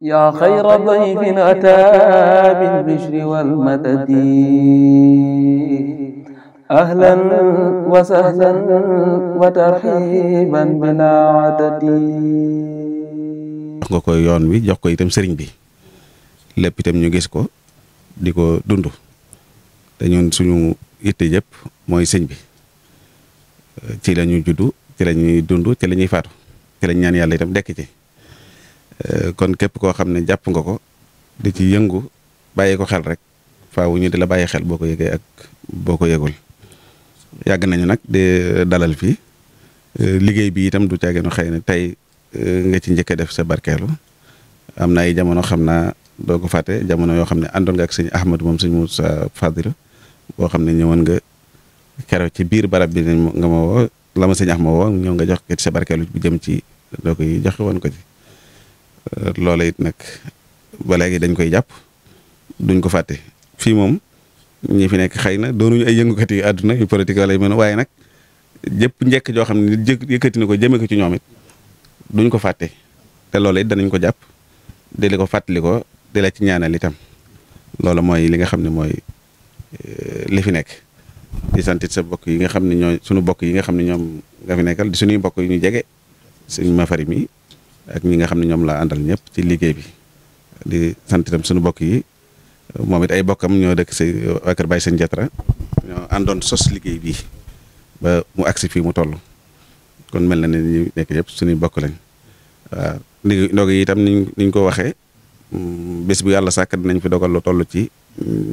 yaa xayra dayfin ataa bil bishri wal madadi ahlan wa sahlan wa tarxiiban bilaa adadi nga koy yoon wi jox ko itam sëriñ bi lépp itam ñu gis ko di ko dund te ñun suñu itte yëpp mooy sëñ bi ci la juddu ci la ñuy dund ci lañuy ñuy faatu ci la ñaan yàlla yitam dekk ci. Euh, kon képp koo xam ne jàpp nga ko di ci yëngu bàyyi ko xel rek faaw ñu di la bàyyi xel boo ko yëgee ak boo ko yëgul yàgg nañu nag di euh, dalal fi euh, liggéey bi itam du caaginu xëy na tey nga ci njëkk a def sa barkeelu am na ay jamono xam naa doo ko fàtte jamono yoo xam ne àndoon nga ak sëñ Ahmadu moom sëñ Moussa Fadil boo xam ne ñëwoon nga keroog ci biir barab bi nga ma woo la ma sëñ Ahmadu woo ñëw nga jox ko ci sa barkeelu bu jëm ci doo koy joxe woon ko ci. loola it nag ba léegi dañ koy jàpp duñ ko fàtte fii moom ñii fi nekk xëy na doonuñu ay yëngukat yi àdduna yu politique wala yu mel waaye nag jëpp njëkk joo xam ne yëkkati na ko jëme ko ci ñoom it duñ ko fàtte te loola it danañ ko jàpp di li ko fàttali ko di la ci ñaanal itam loolu mooy li nga xam ne mooy eh, li fi nekk di santit sa bokk yi nga xam ne ñoo suñu bokk yi nga xam ne ñoom nga fi nekkal di suñuy bokk yu ñu jege suñu mafari mi ak ñi nga xam ne ñoom laa àndal ñëpp ci liggéey bi di sant itam suñu bokk yi moom it ay bokkam ñoo dëkk si euh, waa Kër Baye Sëñ Jatra ñoo àndoon sos liggéey bi ba mu agsi fii mu toll kon mel na ne ñu nekk yëpp suñuy bokk lañ waaw léegi ndog yi niñ ko waxee mm, bés bu yàlla sàkk nañ fi dogal lu toll ci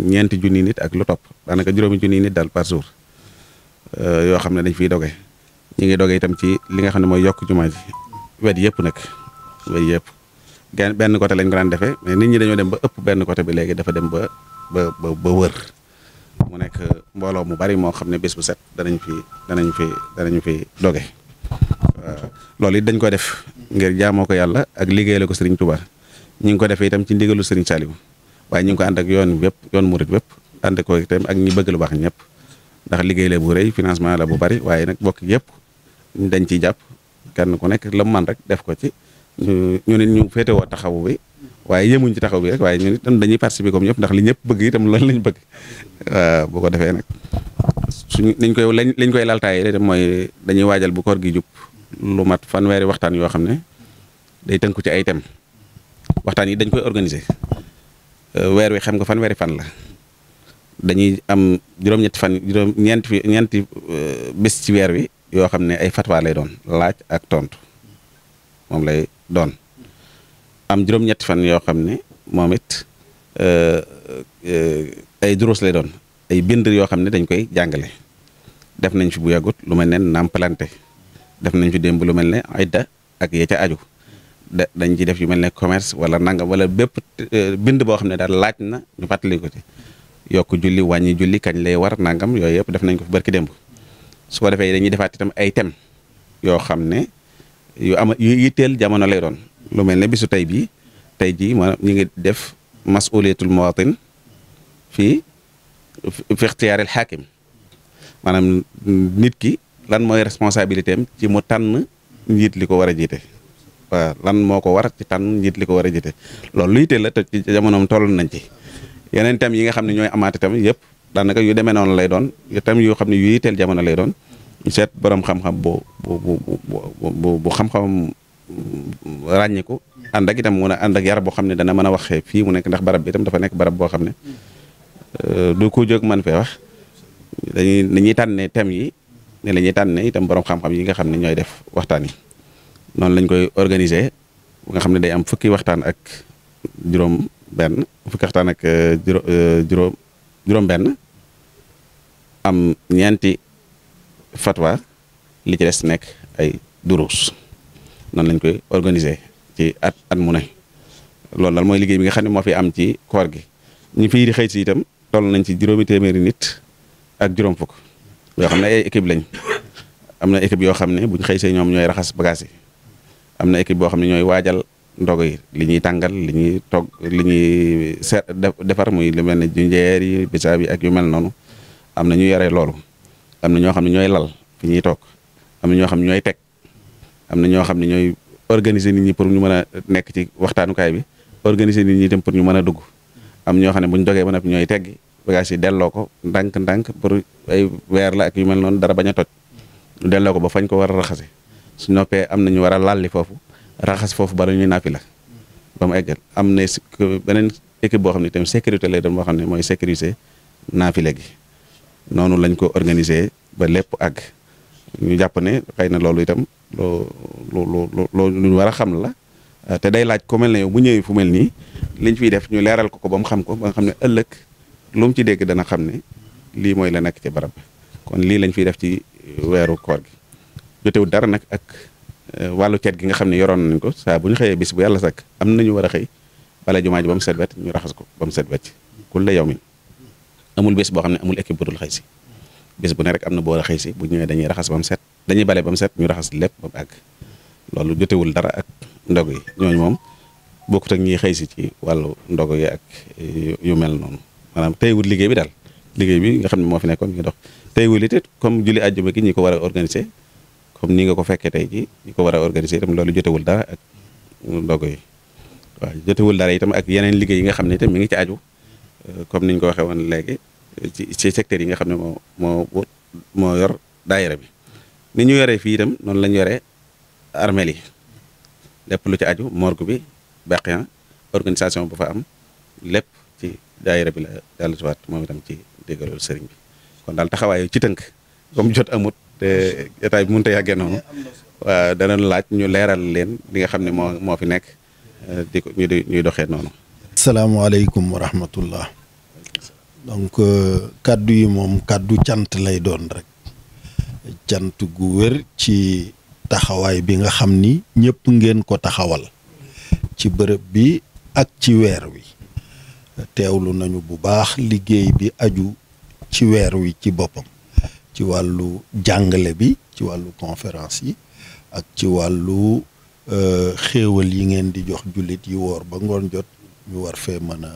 ñeenti junni nit ak lu topp daanaka juróomi junni nit daal par jour euh, yoo xam ne dañ fi doge ñu ngi doge itam ci li nga xam ne mooy yokk jumaa ji wet yëpp nag. yooyu yëpp genn benn côté lañ ko daan defee mais nit ñi dañoo dem ba ëpp benn côté bi léegi dafa dem ba ba ba wër mu nekk mbooloo mu bari moo xam ne bés bu set danañ fi danañ fi danañ fi doge loolu it dañ ko def ngir jaamoo ko yàlla ak liggéeyale ko sëriñ Touba ñi ngi ko defee itam ci ndigalu sëriñ Saliou waaye ñu ngi ko ànd ak yoon wépp yoon murit wépp ànd itam ak ñi bëgg lu baax ñëpp ndax liggéey la bu rëy financement la bu bari waaye nag bokk yëpp dañ ciy jàpp kenn ku nekk la man rek def ko ci ñu ne ñu féetewoo taxawu bi waaye yemuñ ci taxaw bi rek waaye ñun itam dañuy participer comme ñëpp ndax li ñëpp bëgg tam loolu lañ bëgg waaw euh, bu ko defee nag suñu niñ koy lañ koy laltaayee itam mooy dañuy waajal bu koor gi jub lu mat fanweeri waxtaan yoo xam ne day tënku ci ay thèmes waxtaan yi dañ koy organiser euh, weer wi xam nga fanweeri fan la dañuy am juróom-ñetti fan juróom ñeenti ñeenti euh, bés ci weer wi yoo xam ne ay fatwa lay doon laaj ak tontu moom doon am juróom-ñetti fan yoo xam ne moom it euh, euh, ay duruus lay doon ay bind yoo xam ne dañ koy jàngale def nañ fi bu yàggut lu mel ne naam planté def nañ fi demb lu mel ne da ak ya ca aju da dañ ci def yu mel ne commerce wala nangam wala bépp euh, bind boo xam ne daal laaj na ñu fàttali ko ci yokk julli wàññi julli kañ lay war nangam yooyu yëpp def nañ ko fi barki démb su ko defee dañuy defaat itam ay thèmes yoo xam ne yu ama yu yitteel jamono lay doon lu mel ne bisu tey bii tey jii maanaam ñu ngi def masuliyatul muwatin fii fi ixtiyaaril xaakim maanaam nit ki lan mooy responsabilité am ci mu tan njiit li ko war a jiite waaw lan moo ko war ci tànn njiit li ko war a loolu lu la te ci jamonoom toll nañ ci yeneen tam yi nga xam ne ñooy amaat itam yëpp daanaka yu demee noonu lay doon itam yoo xam ne yu jamono lay doon seet borom xam-xam boo bu bo bo bu xam-xamam ràññiku ànd ak itam mun a ànd ak yar boo xam ne dana mën a waxee fii mu nekk ndax barab bi itam dafa nekk barab boo xam ne euh, du ko jóg man fee wax dañuy dañuy tànne thèmes yi ne la ñuy tànne itam borom xam-xam yi nga xam ne ñooy def waxtaan yi noonu lañ koy organiser bu nga xam ne day am fukki waxtaan ak juróom benn fukki ak euh, euh, juróom juróom am ñeenti fatwa li ci des nekk ay duruus noonu lañ koy organiser ci at at mu loolu daal mooy liggéey bi nga xam ne moo fi am ci koor gi ñu fii di xëy si itam toll nañ ci juróomi téeméeri nit ak juróom fukk yoo xam ne lañ am na équipe yoo xam ne buñ xëy see ñoom ñooy raxas bagages yi am na équipe boo xam ne ñooy waajal ndogo yi li ñuy tàngal li ñuy togg li ñuy seet defar muy lu mel ne junjeer yi bisaab yi ak yu mel noonu am na ñu yore loolu am na ñoo xam ne ñooy lal fi ñuy toog am na ñoo xam ne ñooy teg am na ñoo xam ne ñooy organiser nit ñi pour ñu mën a nekk ci waxtaanukaay bi organiser nit ñi itam pour ñu mën a dugg am ñoo xam ne bu ñu jogee dogee ba noppi ñooy teg bagage yi delloo ko ndànk-ndànk pour ay weer la yu mel noonu dara bañ a toj delloo ko ba fañ ko war a raxase su noppee am na ñu war a lalli foofu raxas foofu bala ñuy nappi la ba mu eggal am na beneen équipe boo xam ne itam sécurité lay doon boo xam ne mooy sécuriser naafile gi noonu lañ ko organiser ba lépp àgg. ñu jàpp ne xëy na loolu itam loo loo loo lu ñu war a xam la te day laaj ku mel ne yow bu ñëwee fu mel nii liñ fiy def ñu leeral ko ko ba mu xam ko ba nga xam ne ëllëg lu ci dégg dana xam ne lii mooy la nekk ci barab kon lii lañ fiy def ci weeru koor gi jotewul dara nag ak euh, wàllu ceet gi nga xam ne yoroon nañ ko saa bu ñu xëyee bis bu yàlla sakk am nañu war a xëy bala jumaa ji ba mu set wet ñu raxas ko ba mu set wet ci kul la yow mi amul bés boo xam ne amul équipe bu dul xëy bis bu ne rek am na boo raxas si bu ñëwee dañuy raxas ba set dañuy bale ba mu set ñu raxas lépp ba ag loolu jotewul dara ak ndog yi ñooñu moom bokkut ak ñiy xëy si ci wàllu ndog yi ak eh, yu mel noonu maanaam teywul liggéey bi daal liggéey bi nga xam ne moo fi nekkoon ñu dox teywul it comme julli àjjuma gi ñi ko war a organiser comme ni nga ko fekkee tey ji ñi ko war a organiser itam loolu jotewul dara ak ndog yi waaw jotewul dara itam ak yeneen liggéey yi nga xam ne itam mi ngi ci aju eh, comme niñ ko waxee woon léegi ci ci secteurs yi nga xam ne moo moo yor daayira bi ni ñu yoree fii itam noonu la ñu yoree armeel yi lépp lu ci aju morgue bi baqiyan organisation bu fa am lépp ci daayira bi la dellu siwaat moom itam ci déggalul sëriñ bi kon daal taxawaayu ci tënk comme jot amut te état bi mënut a yàggee noonu waaw danañ laaj ñu leeral leen li nga xam ne moo moo fi nekk di ko ñuy doxee noonu. salaamaaleykum wa rahmatullah donc euh, kàddu yi moom kàddu cant lay doon rek cant gu wér ci taxawaay bi nga xam ni ñëpp ngeen ko taxawal ci bërëb bi ak ci weer wi teewlu nañu bu baax liggéey bi aju ci weer wi ci boppam ci wàllu jàngale bi ci wàllu conférence yi ak ci wàllu euh, xéewal yi ngeen di jox jullit yi woor ba ngoon jot ñu war fee mën a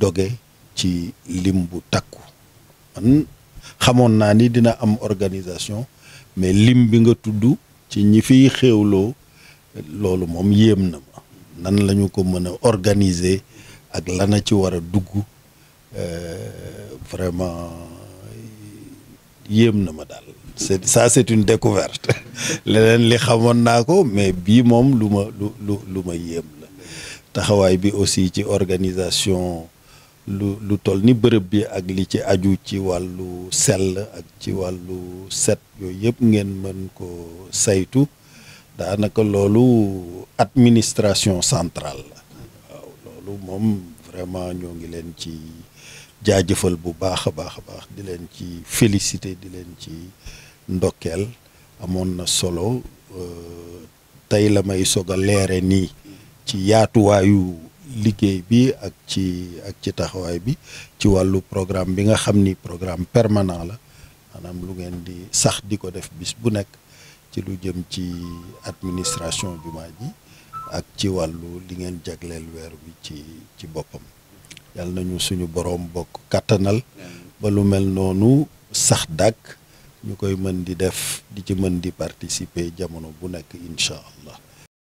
doge ci lim bu takku man xamoon naa ni dina am organisation mais lim bi nga tudd ci ñi fi xéewloo loolu moom yéem na ma nan la ñu ko mën a organiser ak lana ci war a dugg euh, vraiment yéem na ma daal c'est ça c'est une découverte leneen li xamoon naa ko mais bii moom lu ma lu lu lu ma yéem la taxawaay bi aussi ci organisation lu lu toll ni bërëb bi ak li ci aju ci wàllu sell ak ci wàllu set yooyu yëpp ngeen mën ko saytu daanaka loolu administration centrale la waaw loolu moom vraiment ñoo ngi leen ci jaajëfal bu baax a baax a baax di leen ci félicité di leen ci ndokkeel amoon na solo euh, tey la may soog a leere nii ci yaatuwaayu liggéey bi ak ci ak ci taxawaay bi ci wàllu programme bi nga xam ni programme permanent la maanaam lu ngeen di sax di ko def bis bu nekk ci lu jëm ci administration jumaa ji ak ci wàllu li ngeen jagleel weer wi ci ci boppam yàlla nañu suñu boroom bokk kàttanal ba lu mel noonu sax dàkk ñu koy mën di def di ci mën di participer jamono bu nekk incha allah